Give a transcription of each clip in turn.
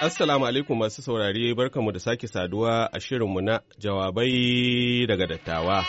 Assalamu alaikum masu saurari, barkamu da sake saduwa a shirinmu na jawabai daga dattawa.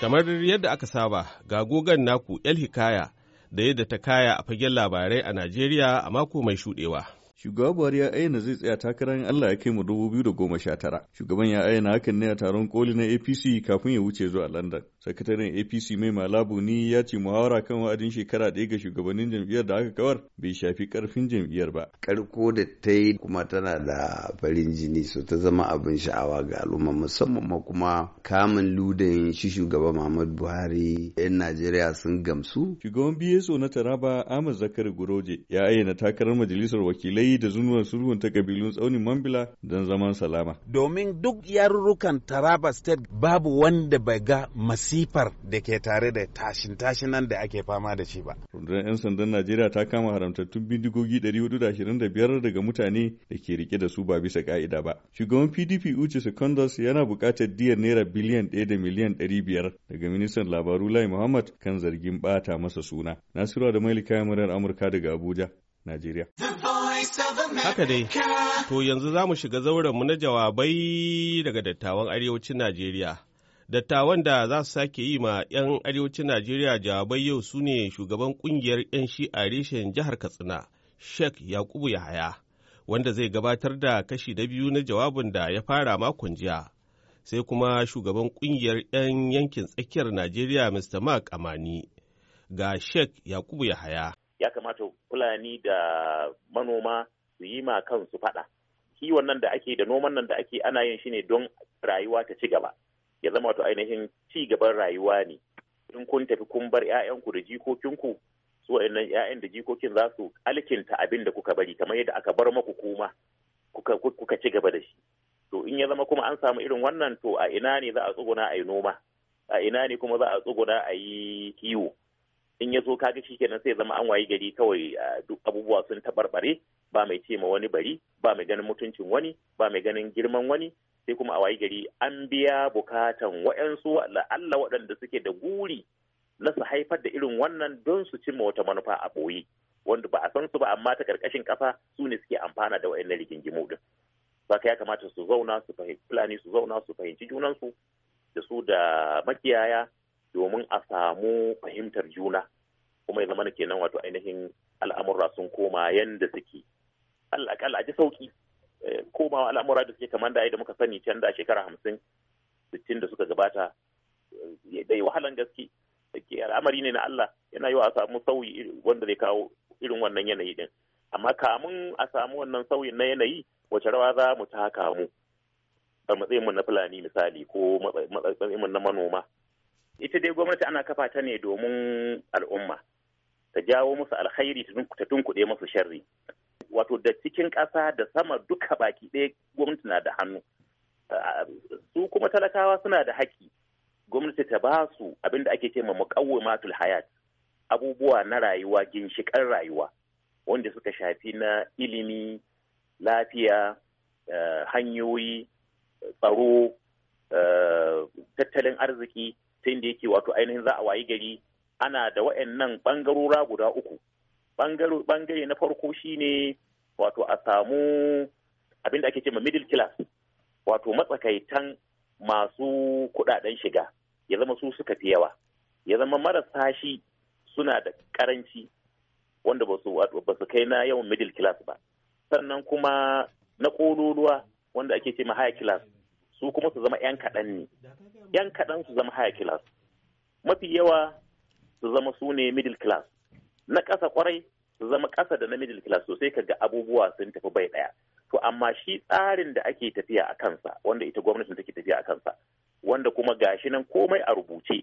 Kamar yadda aka saba, ga gogon naku 'yar Hikaya da yadda ta kaya a fagen labarai a Najeriya a mako mai shuɗewa. Shugaba Buhari ya ayyana zai tsaya takarar Allah ya kai mu tara Shugaban ya ayyana hakan ne a taron koli na APC kafin ya wuce zuwa London. Sakataren APC mai malabu ni ya ce muhawara kan wa'adin shekara ɗaya ga shugabannin jam'iyyar da aka kawar bai shafi karfin jam'iyyar ba. Karko da ta yi kuma tana da farin jini so ta zama abin sha'awa ga al'umma musamman ma kuma kamun ludan shi shugaba Muhammadu Buhari 'yan Najeriya sun gamsu. Shugaban BSO na Taraba Ahmad Zakari Guroje ya ayyana takarar majalisar wakilai da zunuwan sulhun ta kabilun tsaunin Mambila don zaman salama. Domin duk yarurrukan Taraba State babu wanda bai ga masifar da ke tare da tashin tashinan da ake fama da shi ba. Rundunar 'yan sandan Najeriya ta kama haramtattun bindigogi 425 daga mutane da ke rike da su ba bisa ka'ida ba. Shugaban PDP Uche Secondus yana buƙatar diyar naira biliyan 1 da miliyan 500 daga ministan labaru Lai Muhammad kan zargin bata masa suna. Nasiru da Mailika Murar Amurka daga Abuja. Najeriya. Haka dai, to yanzu za mu shiga mu na jawabai daga dattawan arewacin Najeriya. Dattawan da za su sake yi ma 'yan arewacin Najeriya jawabai yau su ne shugaban kungiyar 'yan shi'a reshen jihar Katsina, Sheikh Yakubu Yahaya, wanda zai gabatar da kashi na biyu na jawabin da ya fara makon jiya. Sai kuma shugaban kungiyar 'yan yankin tsakiyar Najeriya Mr. Mark Amani ga Sheikh Yakubu Yahaya. ya kamata fulani da manoma su yi ma kansu faɗa kiwon nan da ake da noman nan da ake ana yin shi ne don rayuwa ta ci gaba ya zama to ainihin ci gaban rayuwa ne in kun tafi kun bar 'ya'yanku da jikokinku su wa'annan 'ya'yan da jikokin za su alkinta abin da kuka bari kamar yadda aka bar maku kuma kuka ci gaba da shi to in ya zama kuma an samu irin wannan to a ina ne za a tsuguna a yi noma a ina ne kuma za a tsuguna a yi kiwo in ya zo kaga shi kenan sai zama an wayi gari kawai duk abubuwa sun taɓarɓare ba mai ce ma wani bari ba mai ganin mutuncin wani ba mai ganin girman wani sai kuma a wayi gari an biya bukatan wa'yansu Allah waɗanda suke da guri na su haifar da irin wannan don su cimma wata manufa a ɓoye wanda ba a san su ba amma ta ƙarƙashin ƙafa su ne suke amfana da wa'yan rigingimu din saka ya kamata su zauna su fahimci fulani su zauna su fahimci junansu da su da makiyaya domin a samu fahimtar juna kuma ya zama kenan wato ainihin al'amura sun koma yadda suke al'akal a ji sauki eh, komawa al'amura da suke kamar da da muka sani can da shekara hamsin sittin da suka gabata eh, da yi wahalan gaske al'amari ne na Allah yana yi wa a samu sauyi wanda zai kawo irin wannan yanayi din amma kamun a samu wannan sauyin na yanayi wace rawa za mu taka mu a matsayinmu na fulani misali ko matsayinmu na manoma ita dai gwamnati ana kafa ta ne domin al'umma ta jawo musu alkhairi ta tunkuɗe musu sharri wato da cikin ƙasa da sama duka baki ɗaya gwamnati na da hannu su kuma talakawa suna da haƙƙi gwamnati ta ba su abinda ake ce ma matul hayat abubuwa na rayuwa ginshiƙan rayuwa wanda suka shafi na ilimi lafiya eh, hanyoyi tsaro eh, tattalin arziki sai da yake wato ainihin za a wayi gari ana da wa'annan bangarora guda uku bangare na farko shine wato a samu abin da ake ce ma middle class wato matsakaitan masu kudaden shiga ya zama su suka fi yawa ya zama marasa shi suna da karanci wanda ba su kai na yawan middle class ba sannan kuma na kololuwa wanda ake ce ma high class su kuma su zama 'yan kaɗan ne 'yan kaɗan su zama high class mafi yawa su zama su ne middle class na ƙasa kwarai su zama ƙasa da na middle class sosai ka ga abubuwa sun tafi bai ɗaya to amma shi tsarin da ake tafiya a kansa wanda ita gwamnatin take tafiya a kansa wanda kuma gashi nan komai a rubuce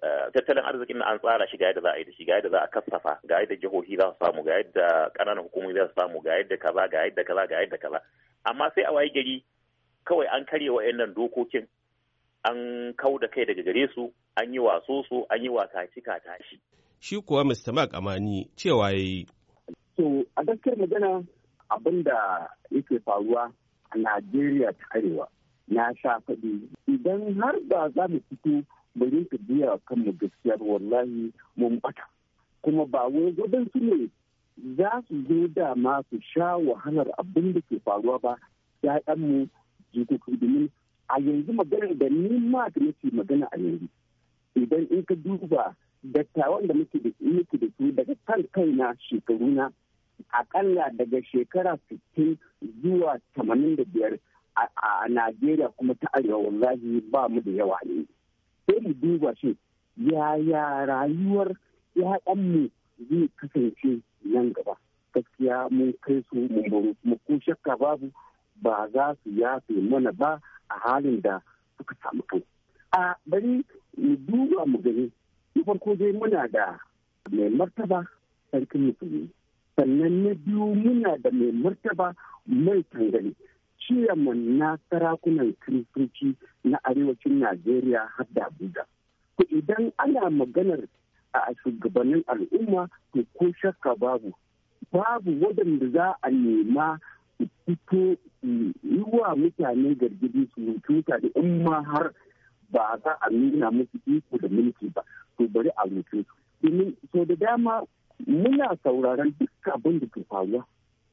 eh, tattalin arzikin na an tsara shi ga yadda za a yi da shi ga yadda za a kassafa ga yadda jihohi za su samu ga yadda ƙananan hukumomi za su samu ga yadda kaza ga yadda kaza ga yadda kaza amma sai a wayi gari kawai an karye karya nan dokokin an kau da kai daga gare su an yi waso su an yi wasa cika tashi. Shi kuwa Mr. Mark Amani cewa ya yi. To a gaskiyar magana abin da yake faruwa a Najeriya ta Arewa na sha faɗi idan har ba za mu fito bari ka biya mu gaskiyar wallahi mun bata kuma ba wai su ne za su zo ma su sha wahalar abin da ke faruwa ba ‘ya'yanmu jikoki domin a yanzu maganar da ni ma da nake magana a yanzu idan in ka duba dattawan da muke da muke da su daga kan kaina shekaruna akalla daga shekara 60 zuwa 85 a Najeriya kuma ta arewa wallahi ba mu da yawa ne sai mu duba shi yaya rayuwar ya'yanmu zai kasance nan gaba gaskiya mun kai su mu ko shakka babu ba za su yafe mana ba a halin da suka samu kai a bari mu duba mu gani na farko dai muna da mai martaba sarkin musulmi sannan na biyu muna da mai martaba mai tangani ciyaman na sarakunan kiristoci na arewacin najeriya har da abuja to idan ana maganar a shugabannin al'umma to ko shakka babu babu waɗanda za a nema su yi wa mutane gargidi su mutu mutane in ma har ba a sa a nuna musu iko da mulki ba to bari a mutu domin so da dama muna sauraron duk abin da ke faruwa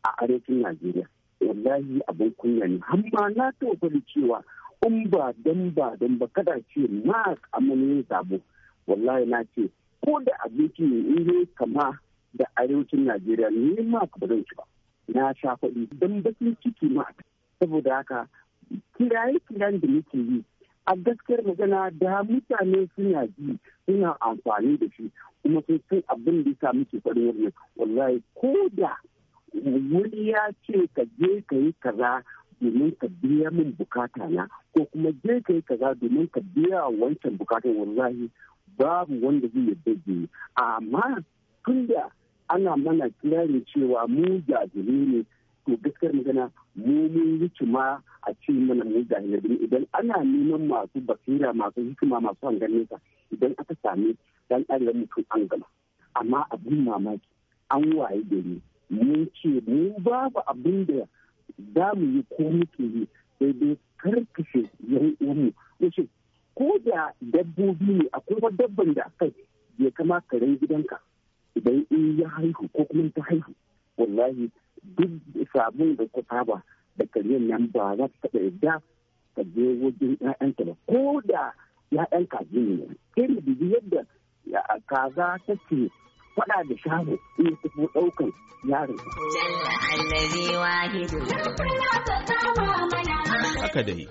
a arewacin najeriya wallahi abin kunya ne amma na taɓa cewa in ba dan ba dan ba kada ce ma amanin zabo wallahi na ce ko da abinci ne in kama da arewacin najeriya ne ma ba zan ci ba na sha kuɗi don bakin ciki ma saboda haka kiraye kirayen da muke yi a gaskiyar magana da mutane suna ji suna amfani da shi kuma sun san abin da yasa muke faɗin wannan wallahi ko da wani ya ce ka je ka yi kaza domin ka biya min bukata na ko kuma je ka yi kaza domin ka biya wancan bukata wallahi babu wanda zai yarda amma tunda ana mana kirarin cewa mu jajiri ne to gaskiyar magana mu mun wuce ma a ce mana mu ne idan ana neman masu basira masu hikima masu hangen nesa idan aka sami dan arewa mutum an gama amma abin mamaki an waye gari mun ce mu babu abin da za mu yi ko muke yi sai dai karkashe yan uwanmu ko da dabbobi ne akwai dabban da kai ya kama karen gidanka in ya haihu ko kuma ta haihu wallahi duk sabon da ku saba da kariyar nan ba za ta taɓa yadda ka je wajen ƴaƴanta ba ko da ƴaƴan kaji ne irin bibi yadda kaza take faɗa da shago in ta fi ɗaukan yaron. Jalla wahidu. Haka dai.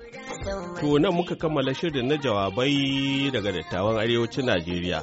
To nan muka kammala shirin na jawabai daga dattawan arewacin Najeriya.